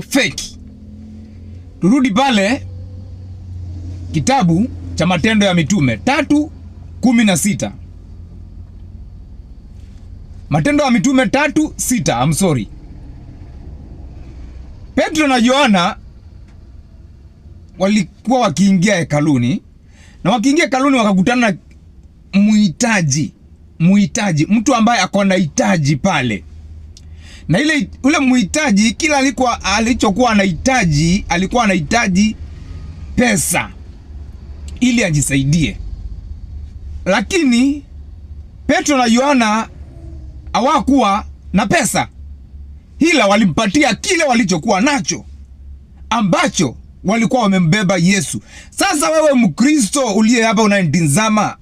so fake. Turudi pale kitabu cha Matendo ya Mitume tatu kumi na sita Matendo ya Mitume tatu sita I'm sorry. Petro na Yohana walikuwa wakiingia hekaluni na wakiingia hekaluni wakakutana na muhitaji, muhitaji, mtu ambaye ako na hitaji pale na ile ule muhitaji kila alikuwa alichokuwa anahitaji alikuwa anahitaji pesa ili ajisaidie, lakini Petro na Yohana hawakuwa na pesa, hila walimpatia kile walichokuwa nacho ambacho walikuwa wamembeba Yesu. Sasa wewe Mkristo uliye hapa unanitazama,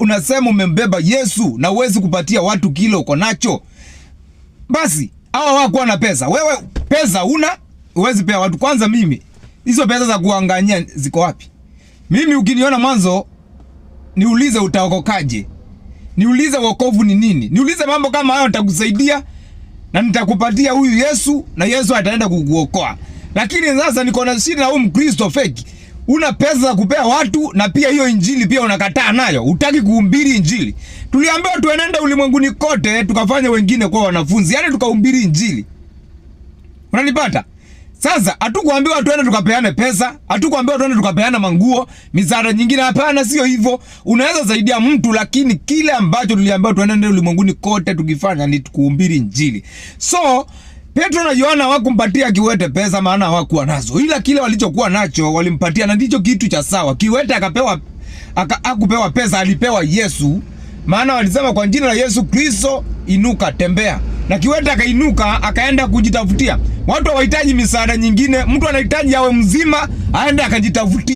unasema umembeba Yesu na uwezi kupatia watu kile uko nacho, basi hawa wakuwa na pesa. Wewe pesa una uwezi pea watu. Kwanza mimi hizo pesa za kuangania ziko wapi? Mimi ukiniona mwanzo, niulize utaokokaje, niulize wokovu ni nini, niulize mambo kama hayo, nitakusaidia na nitakupatia huyu Yesu na Yesu ataenda kukuokoa. Lakini sasa niko na shida na huyu Mkristo feki, una pesa za kupea watu na pia hiyo injili pia unakataa nayo, utaki kuhubiri injili. Tuliambiwa tuenende ulimwenguni kote tukafanya wengine kuwa wanafunzi, yaani tukahubiri Injili. Unanipata? Sasa hatukuambiwa tuende tukapeane pesa, hatukuambiwa tuende tukapeana manguo, misaada nyingine. Hapana, sio hivyo. Unaweza zaidi ya mtu, lakini kile ambacho tuliambiwa tuende ulimwenguni kote tukifanya ni kuhubiri Injili. So Petro na Yohana hawakumpatia Kiwete pesa, maana hawakuwa nazo, ila kile walichokuwa nacho walimpatia, na ndicho kitu cha sawa. Kiwete akapewa akupewa pesa, alipewa Yesu maana walisema kwa jina la Yesu Kristo, inuka, tembea. Na kiwete akainuka akaenda kujitafutia. Watu hawahitaji misaada nyingine, mtu anahitaji awe mzima, aende akajitafutia.